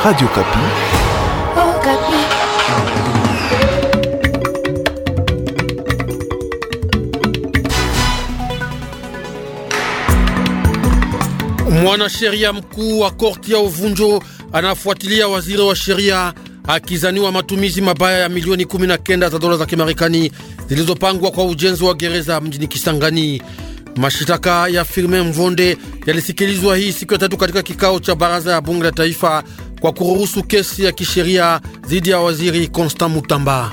Radio Kapi. Oh, Kapi. Mwanasheria mkuu wa korti ya uvunjo anafuatilia waziri wa sheria akizaniwa matumizi mabaya ya milioni 19 za dola za Kimarekani zilizopangwa kwa ujenzi wa gereza mjini Kisangani. Mashitaka ya Firmin Mvonde yalisikilizwa hii siku ya tatu katika kikao cha baraza ya bunge la taifa kwa kuruhusu kesi ya kisheria dhidi ya waziri Constant Mutamba.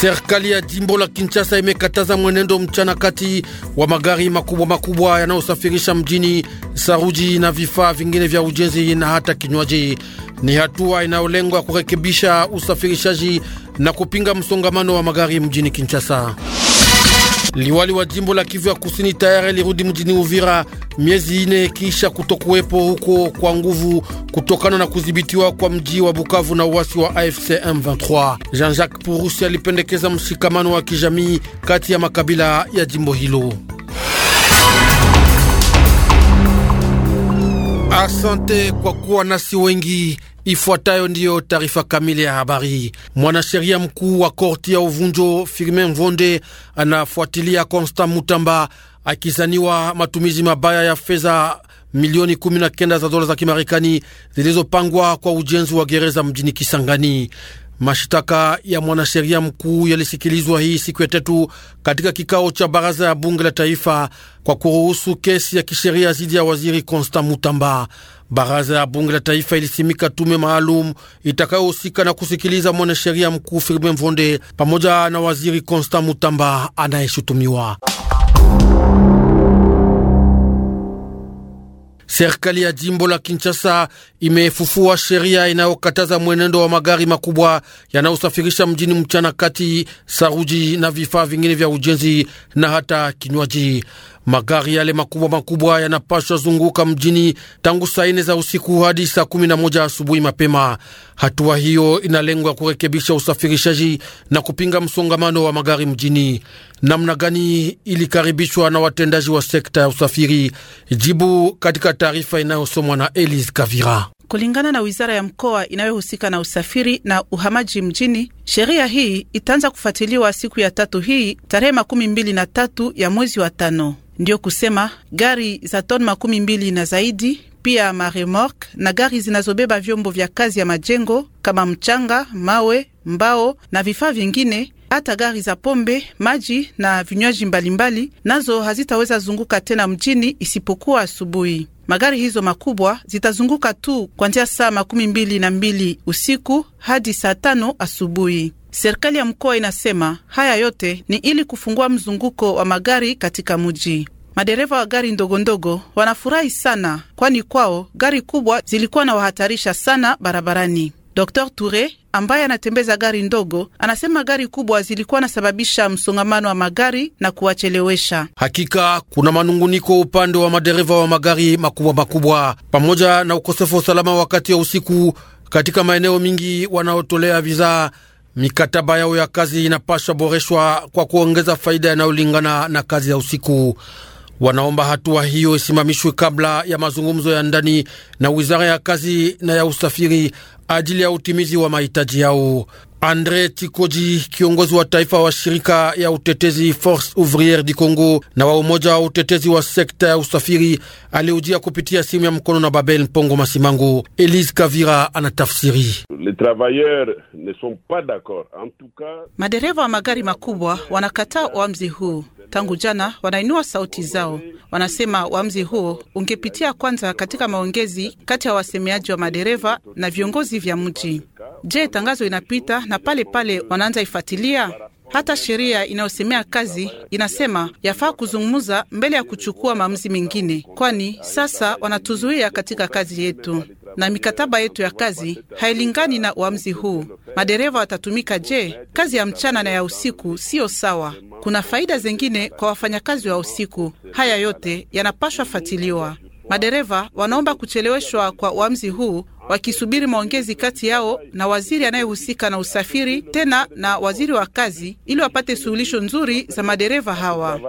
Serikali ya jimbo la Kinshasa imekataza mwenendo mchana kati wa magari makubwa makubwa yanayosafirisha mjini saruji na vifaa vingine vya ujenzi na hata kinywaji. Ni hatua inayolengwa kurekebisha usafirishaji na kupinga msongamano wa magari mjini Kinshasa. Liwali wa jimbo la Kivu ya Kusini tayari alirudi mjini Uvira miezi ine kisha kutokuwepo huko kwa nguvu kutokana na kudhibitiwa kwa mji wa Bukavu na uasi wa AFC M23. Jean-Jacques Purusi alipendekeza mshikamano wa kijamii kati ya makabila ya jimbo hilo. Asante kwa kuwa nasi wengi. Ifuatayo ndiyo taarifa kamili ya habari. Mwanasheria mkuu wa korti ya uvunjo Firmin Mvonde anafuatilia Constant Mutamba akizaniwa matumizi mabaya ya fedha milioni 19 za dola za Kimarekani zilizopangwa kwa ujenzi wa gereza mjini Kisangani. Mashitaka ya mwanasheria mkuu yalisikilizwa hii siku ya tatu katika kikao cha baraza ya bunge la taifa kwa kuruhusu kesi ya kisheria dhidi ya waziri Constant Mutamba. Baraza ya bunge la taifa ilisimika tume maalum itakayohusika na kusikiliza mwanasheria mkuu Firmin Mvonde pamoja na waziri Constant Mutamba anayeshutumiwa Serikali ya jimbo la Kinshasa imefufua sheria inayokataza mwenendo wa magari makubwa yanayosafirisha mjini mchana kati saruji na vifaa vingine vya ujenzi na hata kinywaji. Magari yale makubwa makubwa yanapashwa zunguka mjini tangu saa ine za usiku hadi saa kumi na moja asubuhi mapema. Hatua hiyo ina lengo ya kurekebisha usafirishaji na kupinga msongamano wa magari mjini. Namna gani ilikaribishwa na watendaji wa sekta ya usafiri? Jibu katika taarifa inayosomwa na Elise Kavira. Kulingana na wizara ya mkoa inayohusika na usafiri na uhamaji mjini, sheria hii itaanza kufuatiliwa siku ya tatu hii tarehe makumi mbili na tatu ya mwezi wa tano. Ndiyo kusema gari za ton makumi mbili na zaidi, pia maremork na gari zinazobeba vyombo vya kazi ya majengo kama mchanga, mawe, mbao na vifaa vingine hata gari za pombe, maji na vinywaji mbalimbali nazo hazitaweza zunguka tena mjini isipokuwa asubuhi. Magari hizo makubwa zitazunguka tu kuanzia saa makumi mbili na mbili usiku hadi saa tano asubuhi. Serikali ya mkoa inasema haya yote ni ili kufungua mzunguko wa magari katika mji. Madereva wa gari ndogondogo wanafurahi sana, kwani kwao gari kubwa zilikuwa na wahatarisha sana barabarani. Dr Toure ambaye anatembeza gari ndogo anasema gari kubwa zilikuwa nasababisha msongamano wa magari na kuwachelewesha. Hakika kuna manunguniko upande wa madereva wa magari makubwa makubwa, pamoja na ukosefu wa usalama wakati wa usiku katika maeneo mingi wanaotolea vizaa Mikataba yao ya kazi inapashwa boreshwa kwa kuongeza faida yanayolingana na kazi ya usiku. Wanaomba hatua hiyo isimamishwe kabla ya mazungumzo ya ndani na wizara ya kazi na ya usafiri ajili ya utimizi wa mahitaji yao. Andre tikoji kiongozi wa taifa wa shirika ya utetezi Force Ouvriere du Congo na wa umoja wa utetezi wa sekta ya usafiri, aliujia kupitia simu ya mkono na Babel Mpongo Masimango. Elise Kavira anatafsiri. Madereva wa magari makubwa wanakataa uamzi huu tangu jana wanainua sauti zao, wanasema uamuzi huo ungepitia kwanza katika maongezi kati ya wasemeaji wa madereva na viongozi vya mji. Je, tangazo inapita na pale pale wanaanza ifuatilia? Hata sheria inayosemea kazi inasema yafaa kuzungumza mbele ya kuchukua maamuzi mengine, kwani sasa wanatuzuia katika kazi yetu na mikataba yetu ya kazi hailingani na uamuzi huu. Madereva watatumika je? Kazi ya mchana na ya usiku siyo sawa. Kuna faida zingine kwa wafanyakazi wa usiku. Haya yote yanapashwa fatiliwa. Madereva wanaomba kucheleweshwa kwa uamuzi huu wakisubiri maongezi kati yao na waziri anayehusika na usafiri tena na waziri wa kazi ili wapate suluhisho nzuri za madereva hawa.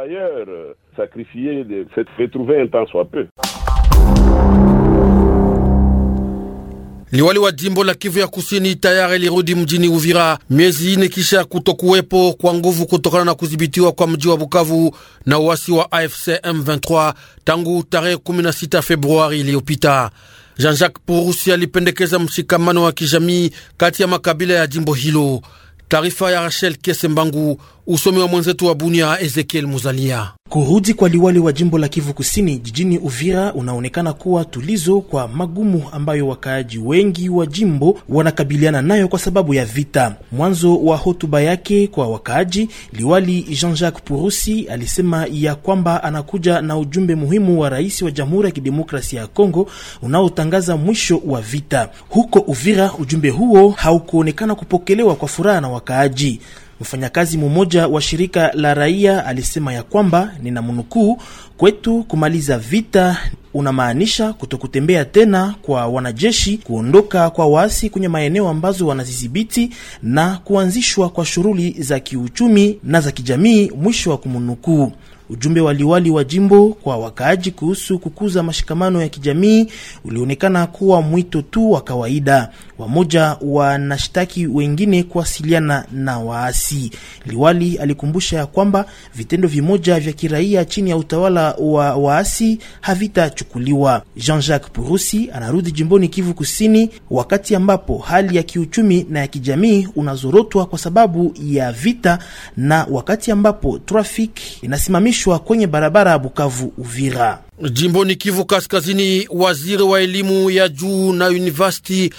Liwali wa jimbo la Kivu ya Kusini tayari lirudi mjini Uvira miezi ine kisha kutokuwepo kwa nguvu kutokana na kudhibitiwa kwa mji wa Bukavu na uasi wa AFC M23 tangu tarehe 16 Februari iliyopita. Jean-Jacques Purusi alipendekeza mshikamano wa kijamii kati ya makabila ya jimbo hilo. Taarifa ya Rachel Kesembangu Usomi wa mwenzetu wa Bunia, Ezekiel Muzalia. Kurudi kwa liwali wa jimbo la Kivu Kusini jijini Uvira unaonekana kuwa tulizo kwa magumu ambayo wakaaji wengi wa jimbo wanakabiliana nayo kwa sababu ya vita. Mwanzo wa hotuba yake kwa wakaaji, liwali Jean-Jacques Purusi alisema ya kwamba anakuja na ujumbe muhimu wa rais wa Jamhuri ya Kidemokrasia ya Kongo unaotangaza mwisho wa vita. Huko Uvira, ujumbe huo haukuonekana kupokelewa kwa furaha na wakaaji. Mfanyakazi mmoja wa shirika la raia alisema ya kwamba nina mnukuu, kwetu kumaliza vita unamaanisha kutokutembea tena kwa wanajeshi, kuondoka kwa waasi kwenye maeneo ambazo wanazidhibiti na kuanzishwa kwa shughuli za kiuchumi na za kijamii, mwisho wa kumnukuu. Ujumbe wa liwali wa jimbo kwa wakaaji kuhusu kukuza mashikamano ya kijamii ulionekana kuwa mwito tu wa kawaida. Wamoja wanashtaki wengine kuwasiliana na waasi. Liwali alikumbusha ya kwamba vitendo vimoja vya kiraia chini ya utawala wa waasi havitachukuliwa. Jean-Jacques Purusi anarudi jimboni Kivu Kusini wakati ambapo hali ya kiuchumi na ya kijamii unazorotwa kwa sababu ya vita na wakati ambapo trafiki inasimamishwa kuhamishwa kwenye barabara ya Bukavu Uvira. Jimboni Kivu Kaskazini, waziri wa elimu ya juu na university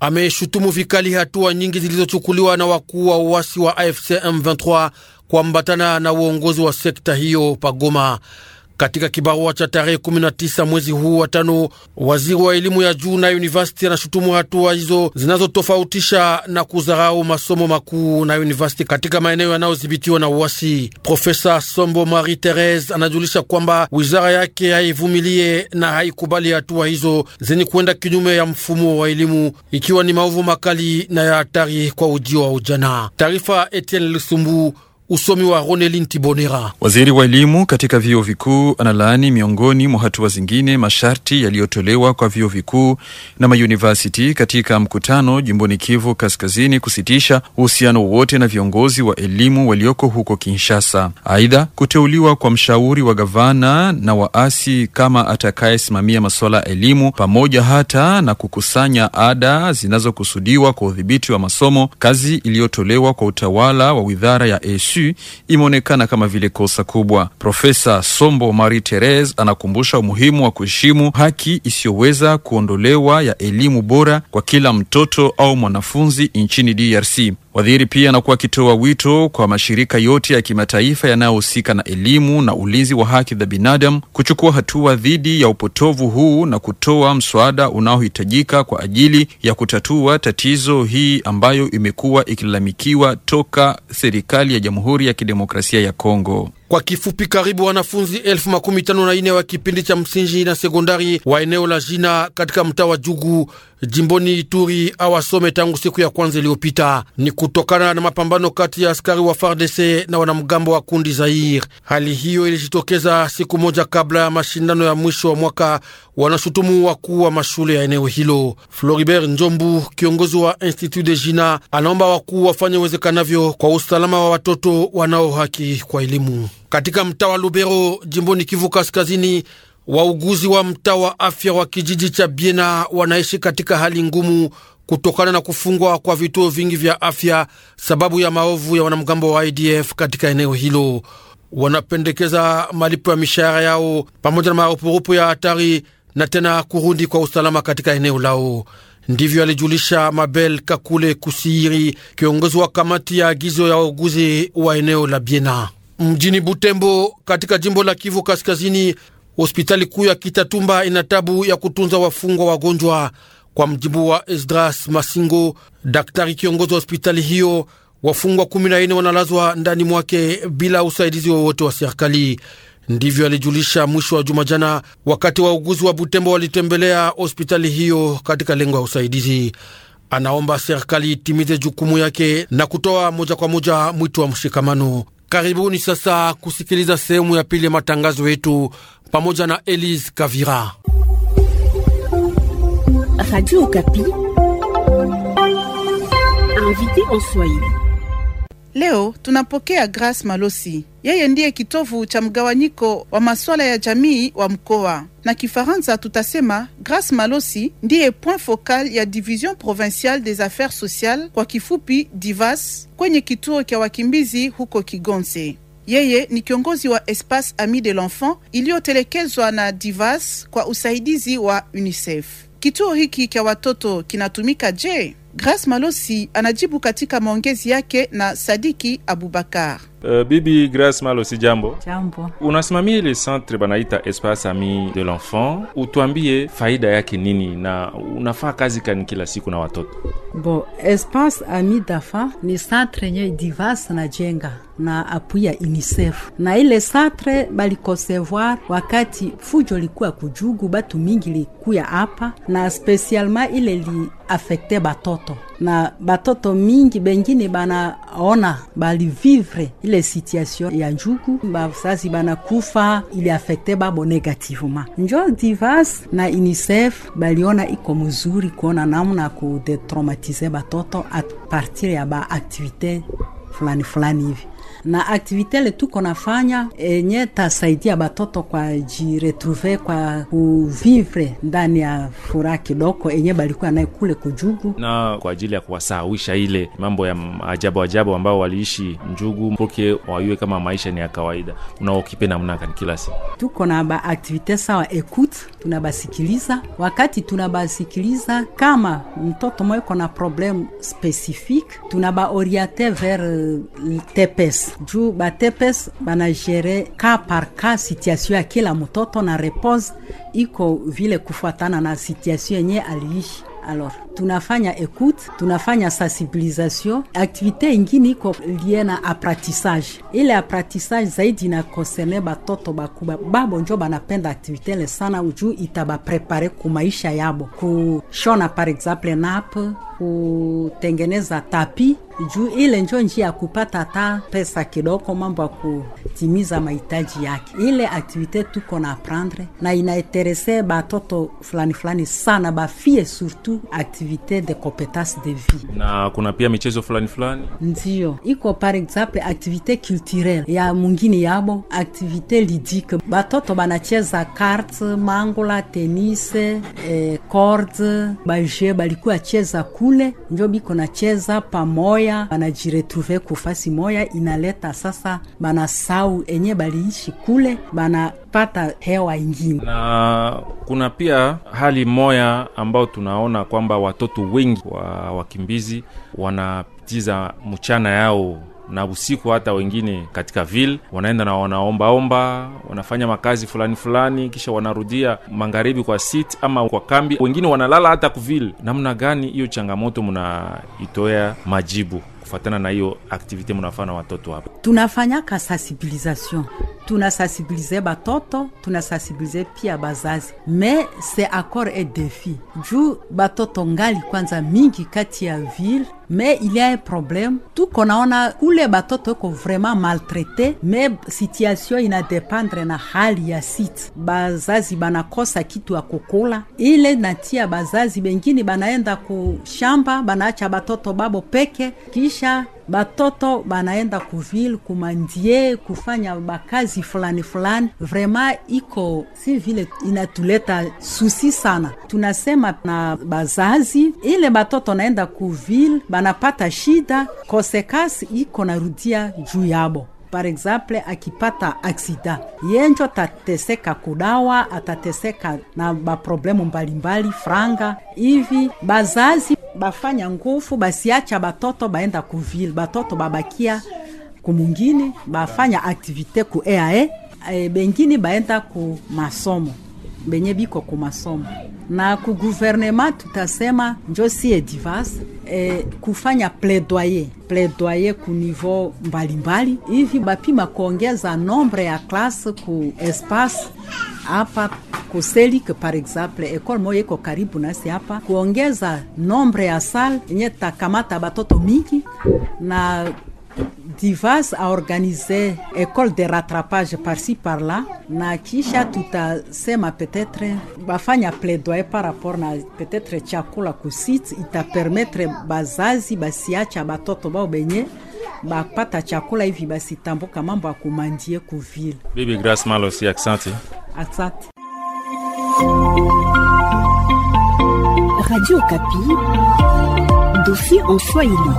ameshutumu vikali hatua nyingi zilizochukuliwa na wakuu wa uasi wa AFC M23 kuambatana na uongozi wa sekta hiyo pagoma. Katika kibarua cha tarehe 19 mwezi huu wa tano, waziri wa elimu ya juu na university anashutumu hatua hizo zinazotofautisha na kudharau masomo makuu na university katika maeneo yanayodhibitiwa na uasi. Profesa Sombo Marie Therese anajulisha kwamba wizara yake haivumilie na haikubali hatua hizo zenye kuenda kinyume ya mfumo wa elimu, ikiwa ni maovu makali na ya hatari kwa ujio wa ujana. Taarifa Etienne Lusumbu. Usomi wa Ronelin Tibonera. Waziri wa elimu katika vyuo vikuu analaani miongoni mwa hatua zingine masharti yaliyotolewa kwa vyuo vikuu na mayunivasiti katika mkutano jimboni Kivu Kaskazini kusitisha uhusiano wote na viongozi wa elimu walioko huko Kinshasa. Aidha, kuteuliwa kwa mshauri wa gavana na waasi kama atakayesimamia masuala ya elimu pamoja hata na kukusanya ada zinazokusudiwa kwa udhibiti wa masomo, kazi iliyotolewa kwa utawala wa Wizara ya ESU nchi imeonekana kama vile kosa kubwa. Profesa Sombo Marie Therese anakumbusha umuhimu wa kuheshimu haki isiyoweza kuondolewa ya elimu bora kwa kila mtoto au mwanafunzi nchini DRC. Waziri pia anakuwa akitoa wito kwa mashirika yote ya kimataifa yanayohusika na elimu na ulinzi wa haki za binadamu kuchukua hatua dhidi ya upotovu huu na kutoa mswada unaohitajika kwa ajili ya kutatua tatizo hii ambayo imekuwa ikilalamikiwa toka serikali ya Jamhuri ya Kidemokrasia ya Kongo. Kwa kifupi, karibu wanafunzi elfu makumi tano na ine wa kipindi cha msingi na sekondari wa eneo la Jina katika mtaa wa Jugu jimboni Ituri awasome tangu siku ya kwanza iliyopita. Ni kutokana na mapambano kati ya askari wa FARDC na wanamgambo wa kundi Zair. Hali hiyo ilijitokeza siku moja kabla ya mashindano ya mwisho wa mwaka wanashutumu wakuu wa mashule ya eneo hilo. Floribert Njombu, kiongozi wa Institut de Jina, anaomba wakuu wafanye uwezekanavyo kwa usalama wa watoto wanao haki kwa elimu katika mtaa wa Lubero, jimboni Kivu Kaskazini. Wauguzi wa mtaa wa afya wa kijiji cha Biena wanaishi katika hali ngumu kutokana na kufungwa kwa vituo vingi vya afya sababu ya maovu ya wanamgambo wa IDF katika eneo hilo. Wanapendekeza malipo ya mishahara yao pamoja na marupurupu ya hatari na tena kurudi kwa usalama katika eneo lao. Ndivyo alijulisha Mabel Kakule Kusiiri, kiongozi wa kamati ya agizo ya wauguzi wa eneo la Biena mjini Butembo, katika jimbo la Kivu Kaskazini. Hospitali kuu ya Kitatumba ina tabu ya kutunza wafungwa wagonjwa. Kwa mjibu wa Esdras Masingo, daktari kiongozi wa hospitali hiyo, wafungwa kumi na wanalazwa ndani mwake bila usaidizi wowote wa serikali. Ndivyo alijulisha mwisho wa juma jana, wakati wauguzi wa Butembo walitembelea hospitali hiyo katika lengo ya usaidizi. Anaomba serikali itimize jukumu yake na kutoa moja kwa moja mwito wa mshikamano. Karibuni sasa kusikiliza sehemu ya pili ya matangazo yetu pamoja na Elise Kavira. Leo tunapokea Grace Malosi yeye ndiye kitovu cha mgawanyiko wa masuala ya jamii wa mkoa na Kifaransa tutasema Grace Malosi ndiye point focal ya Division Provinciale des Affaires Sociales, kwa kifupi DIVAS, kwenye kituo cha wakimbizi huko Kigonze. Yeye ni kiongozi wa Espace Ami de l'Enfant iliyotelekezwa na DIVAS kwa usaidizi wa UNICEF. Kituo hiki cha watoto kinatumika je? Grace Malosi anajibu katika maongezi yake na Sadiki Abubakar. Uh, Bibi Grace Malo, si jambo. Jambo. Unasimamia ile centre banaita Espace Ami de l'Enfant, utuambie faida yake nini na unafaa kazi kani kila siku na watoto? Bo, Espace Ami dafa ni centre yenye divas na jenga na apui ya UNICEF na ile satre balikosevoir wakati fujo likuwa kujugu, batu mingi likuya hapa na spesialma ile li afekte batoto na batoto mingi bengine banaona balivivre ile situation ya njugu, bazazi banakufa, ili afekte babo negativement. Njo divas na UNICEF baliona iko mzuri kuona namna kudetraumatize batoto a partir ya baaktivite fulani fulani hivi na aktivite ile tuko nafanya enye tasaidia batoto kwa jiretrouve kwa kuvivre ndani ya furaha kidogo enye balikuwa naye kule kujugu, na kwa ajili ya kuwasahawisha ile mambo ya ajabu ajabu ambao waliishi njugu, porke wayue kama maisha ni ya kawaida. unaokipe namnaka ni kila siku tuko na baaktivite sawa ekut tunabasikiliza wakati tunabasikiliza, kama mtoto mweko na problemu spesifike tunabaoriente ver tepes tepes juu batepes banagere ka par ka situation ya kila mtoto na repose iko vile kufuatana na situation yenye aliishi alors tunafanya ekute tunafanya sensibilisation aktivite ingine iko lie na apratissage ile apratissage zaidi na batoto bakuba babo njo banapenda aktivitele sana juu itabaprepare maisha yabo kushona par exemple nape kutengeneza tapi juu ile njo njia ya kupata hata pesa kidogo, mambo ya kutimiza mahitaji yake. Ile aktivite tuko na prendre na inaeterese batoto fulani fulani sana, bafie surtout aktivite de competence de vie, na kuna pia michezo fulani fulani ndio iko, par exemple aktivite culturelle ya mungini yabo, aktivite ludique, batoto banacheza karte, mangula, tenise, eh, corde, baje balikuwa cheza kule, njo biko nacheza pamoja moya wanajiretruve kufasi moya, inaleta sasa banasau enye baliishi kule banapata hewa ingine, na kuna pia hali moya ambao tunaona kwamba watoto wengi wa wakimbizi wanapitiza mchana yao na usiku, hata wengine katika ville wanaenda na wanaombaomba, wanafanya makazi fulani fulani, kisha wanarudia magharibi kwa sit ama kwa kambi, wengine wanalala hata kuville. Namna gani hiyo changamoto mnaitoea majibu? Kufatana na hiyo aktivite mnafaa na watoto hapa, tunafanyaka sensibilisation, tunasensibilize batoto, tunasensibilize pia bazazi, me se accord e defi juu batoto ngali kwanza mingi kati ya ville mais il y a problème tuko naona kule batoto ko vraiment maltraite me situation inadependre na hali ya site bazazi banakosa kitu ya kokola ile natia bazazi bengine banaenda kushamba banaacha batoto babo peke kisha batoto banaenda kuvile kumandie kufanya bakazi fulani fulani. Vrema iko si vile inatuleta susi sana. Tunasema na bazazi, ile batoto naenda kuvile banapata shida, kosekasi iko narudia juu yabo par exemple akipata aksida yenjo atateseka kudawa, atateseka na baproblemu mbalimbali, franga hivi. Bazazi bafanya ngufu basiacha batoto baenda kuvile, batoto babakia kumungini bafanya aktivite ku EAE, e, e. Eh, bengine baenda ku masomo benye biko kumasomo na kuguvernema, tutasema njosi edivas eh, kufanya plaidoyer plaidoyer ku niveau mbalimbali hivi bapima kuongeza nombre ya klase ku espace hapa kuselik par exemple ekole moya iko karibu nasi hapa, kuongeza nombre ya sale yenye takamata batoto mingi na DIVAS a organisé école de rattrapage par-ci par-là na kisha sema peut-être bafanya plaidoyer par rapport na peut-être chakula kusite itapermetre bazazi basiacha batoto bao benye bapata chakula hivi basi tambuka mambo ya kumandie ville. Bibi Grace si accenti. Hein. Asante. Radio Kapi, dossier en Swahili.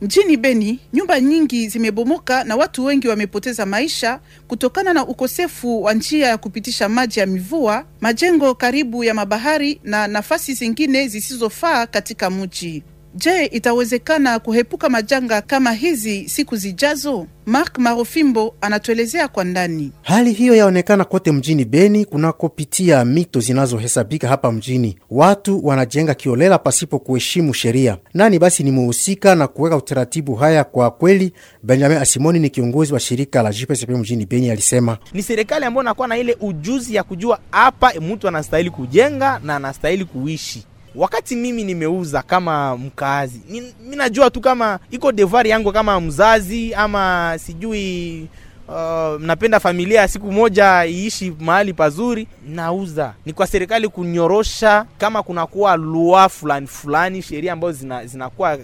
Mjini Beni nyumba nyingi zimebomoka na watu wengi wamepoteza maisha kutokana na ukosefu wa njia ya kupitisha maji ya mivua, majengo karibu ya mabahari na nafasi zingine zisizofaa katika mji. Je, itawezekana kuhepuka majanga kama hizi siku zijazo? Mark Marofimbo anatuelezea kwa ndani. Hali hiyo yaonekana kote mjini Beni kunakopitia mito zinazohesabika hapa mjini. Watu wanajenga kiolela pasipo kuheshimu sheria. Nani basi ni muhusika na kuweka utaratibu haya? Kwa kweli, Benjamin Asimoni ni kiongozi wa shirika la JPSP mjini Beni, alisema ni serikali ambayo nakuwa na ile ujuzi ya kujua hapa mtu anastahili kujenga na anastahili kuishi wakati mimi nimeuza kama mkaazi, minajua tu kama iko devari yangu kama mzazi ama sijui Uh, napenda familia ya siku moja iishi mahali pazuri, nauza. Ni kwa serikali kunyorosha, kama kunakuwa lua fulani fulani, sheria ambazo zina, uh,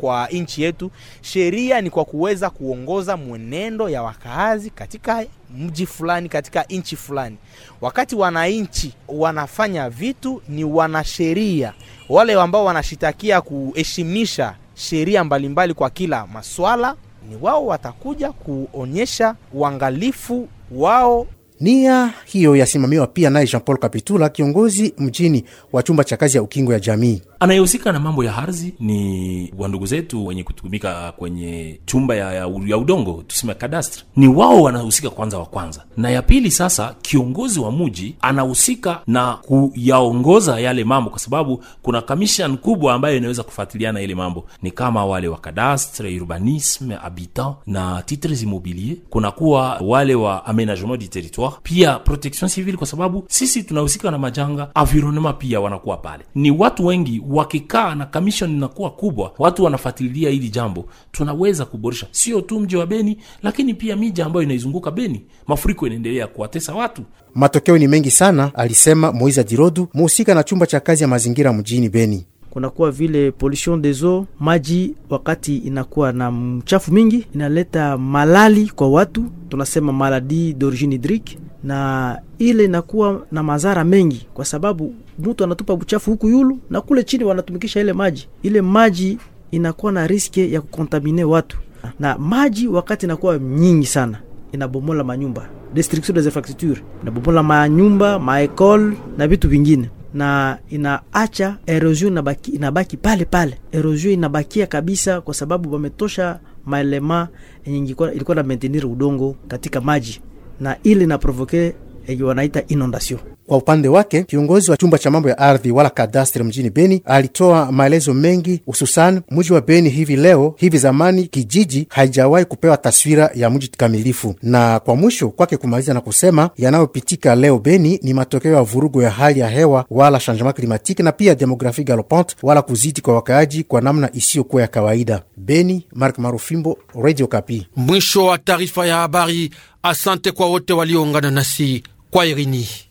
kwa nchi yetu. Sheria ni kwa kuweza kuongoza mwenendo ya wakaazi katika mji fulani, katika nchi fulani. Wakati wananchi wanafanya vitu, ni wanasheria wale ambao wanashitakia kuheshimisha sheria mbalimbali kwa kila maswala ni wao watakuja kuonyesha uangalifu wao. Nia hiyo yasimamiwa pia naye Jean Paul Kapitula, kiongozi mjini wa chumba cha kazi ya ukingo ya jamii anayehusika na mambo ya ardhi. Ni wandugu zetu wenye kutumika kwenye chumba ya, ya, ya udongo tuseme kadastre, ni wao wanahusika kwanza wa kwanza, na ya pili sasa kiongozi wa muji anahusika na kuyaongoza yale mambo, kwa sababu kuna kamishan kubwa ambayo inaweza kufuatiliana ile mambo, ni kama wale wa kadastre, urbanisme, habitant na titres immobilier, kunakuwa wale wa amenagement du territoire territoire pia protection civil, kwa sababu sisi tunahusika na majanga avironema, pia wanakuwa pale. Ni watu wengi wakikaa na commission inakuwa kubwa, watu wanafuatilia hili jambo, tunaweza kuboresha sio tu mji wa Beni, lakini pia miji ambayo inaizunguka Beni. Mafuriko inaendelea kuwatesa watu, matokeo ni mengi sana, alisema Moiza Dirodu, muhusika na chumba cha kazi ya mazingira mjini Beni kunakuwa vile pollution des eaux, maji wakati inakuwa na mchafu mingi inaleta malali kwa watu, tunasema maladi d'origine hydrique, na ile inakuwa na madhara mengi, kwa sababu mtu anatupa uchafu huku yulu na kule chini wanatumikisha ile maji, ile maji inakuwa na riske ya kukontamine watu, na maji wakati inakuwa nyingi sana inabomola manyumba, destruction des infrastructures inabomola manyumba, maekole na vitu vingine na inaacha erosion inabaki, inabaki pale pale, erosion inabakia kabisa, kwa sababu wametosha maelema yenye ilikuwa na maintenir udongo katika maji, na ili inaprovoke yenye wanaita inondasio. Kwa upande wake kiongozi wa chumba cha mambo ya ardhi wala kadastre mjini Beni alitoa maelezo mengi, hususan mji wa Beni hivi leo hivi zamani kijiji haijawahi kupewa taswira ya mji kamilifu. Na kwa mwisho kwake kumaliza na kusema yanayopitika leo Beni ni matokeo ya vurugu ya hali ya hewa wala changement climatique na pia demografi galopante wala kuzidi kwa wakaaji kwa namna isiyokuwa ya kawaida. Beni, Mark Marufimbo, Radio Kapi. Mwisho wa taarifa ya habari. Asante kwa wote walioungana nasi. Quoi Irini